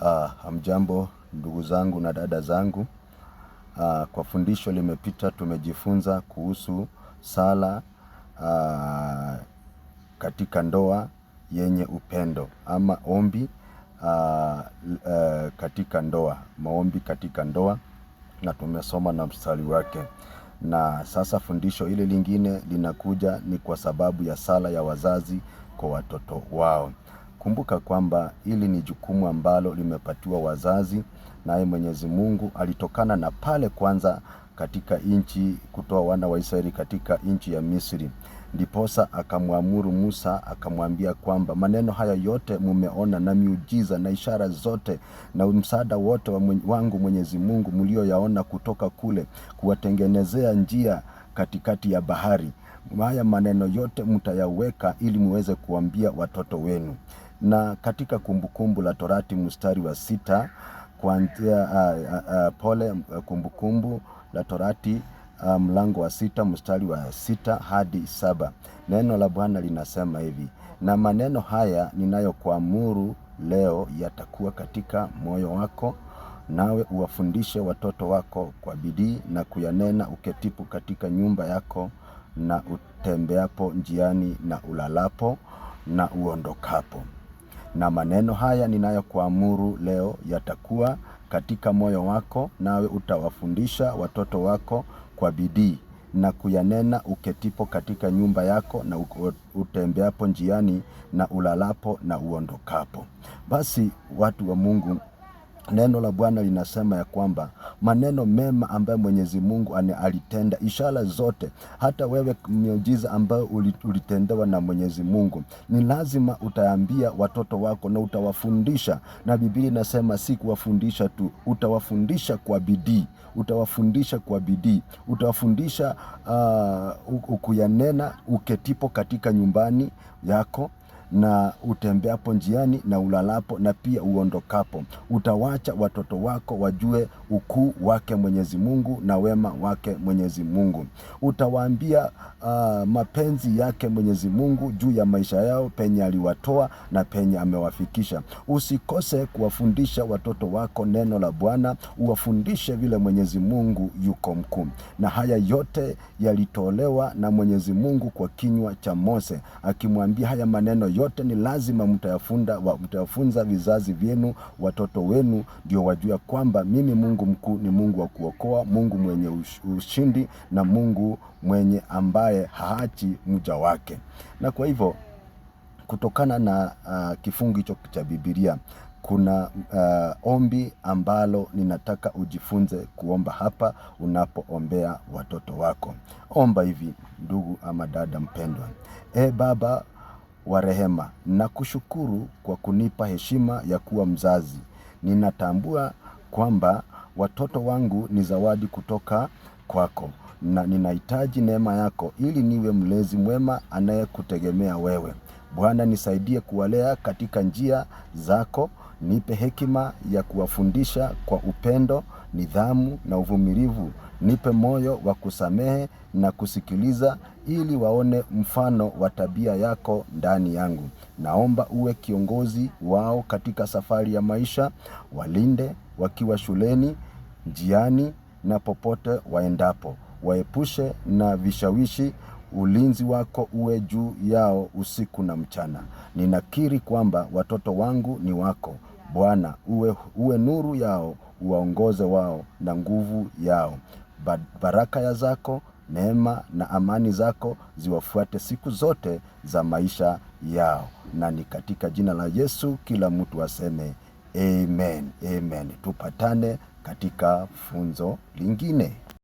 Uh, ah, amjambo ndugu zangu na dada zangu. Uh, kwa fundisho limepita tumejifunza kuhusu sala uh, katika ndoa yenye upendo ama ombi uh, uh, katika ndoa, maombi katika ndoa, na tumesoma na mstari wake, na sasa fundisho hili lingine linakuja ni kwa sababu ya sala ya wazazi kwa watoto wao. Kumbuka kwamba hili ni jukumu ambalo limepatiwa wazazi, naye Mwenyezi Mungu alitokana na pale kwanza katika nchi kutoa wana wa Israeli katika nchi ya Misri. Ndiposa akamwamuru Musa, akamwambia kwamba maneno haya yote mumeona na miujiza na ishara zote na msaada wote wa wangu Mwenyezi Mungu mlioyaona kutoka kule kuwatengenezea njia katikati ya bahari. Haya maneno yote mtayaweka ili muweze kuambia watoto wenu na katika Kumbukumbu la Torati mstari wa sita kuanzia uh, uh, uh, pole um, uh, Kumbukumbu la Torati uh, mlango wa sita mstari wa sita hadi saba neno la Bwana linasema hivi: na maneno haya ninayokuamuru leo yatakuwa katika moyo wako, nawe uwafundishe watoto wako kwa bidii na kuyanena uketipo katika nyumba yako na utembeapo njiani na ulalapo na uondokapo na maneno haya ninayokuamuru leo yatakuwa katika moyo wako, nawe utawafundisha watoto wako kwa bidii na kuyanena uketipo katika nyumba yako na utembeapo njiani na ulalapo na uondokapo. Basi watu wa Mungu, neno la Bwana linasema ya kwamba maneno mema ambayo Mwenyezi Mungu alitenda, ishara zote, hata wewe miujiza ambayo ulitendewa na Mwenyezi Mungu, ni lazima utaambia watoto wako na utawafundisha. Na Biblia inasema si kuwafundisha tu, utawafundisha kwa bidii, utawafundisha kwa bidii, utawafundisha uh, ukuyanena uketipo katika nyumbani yako na utembeapo njiani na ulalapo na pia uondokapo. Utawacha watoto wako wajue ukuu wake Mwenyezi Mungu na wema wake Mwenyezi Mungu. Utawaambia uh, mapenzi yake Mwenyezi Mungu juu ya maisha yao, penye aliwatoa na penye amewafikisha. Usikose kuwafundisha watoto wako neno la Bwana, uwafundishe vile Mwenyezi Mungu yuko mkuu. Na haya yote yalitolewa na Mwenyezi Mungu kwa kinywa cha Mose akimwambia haya maneno yote yote ni lazima mtayafunda, mtayafunza vizazi vyenu, watoto wenu, ndio wajua kwamba mimi Mungu mkuu ni Mungu wa kuokoa, Mungu mwenye ushindi na Mungu mwenye ambaye haachi mja wake. Na kwa hivyo kutokana na uh, kifungu hicho cha Biblia kuna uh, ombi ambalo ninataka ujifunze kuomba hapa unapoombea watoto wako. Omba hivi, ndugu ama dada mpendwa. E Baba wa rehema, nakushukuru kwa kunipa heshima ya kuwa mzazi. Ninatambua kwamba watoto wangu ni zawadi kutoka kwako na ninahitaji neema yako ili niwe mlezi mwema anayekutegemea wewe. Bwana, nisaidie kuwalea katika njia zako, nipe hekima ya kuwafundisha kwa upendo nidhamu na uvumilivu. Nipe moyo wa kusamehe na kusikiliza, ili waone mfano wa tabia yako ndani yangu. Naomba uwe kiongozi wao katika safari ya maisha, walinde wakiwa shuleni, njiani na popote waendapo. Waepushe na vishawishi. Ulinzi wako uwe juu yao usiku na mchana. Ninakiri kwamba watoto wangu ni wako. Bwana uwe, uwe nuru yao uwaongoze wao na nguvu yao. Baraka ya zako neema na amani zako ziwafuate siku zote za maisha yao, na ni katika jina la Yesu kila mtu aseme amen, amen. Tupatane katika funzo lingine.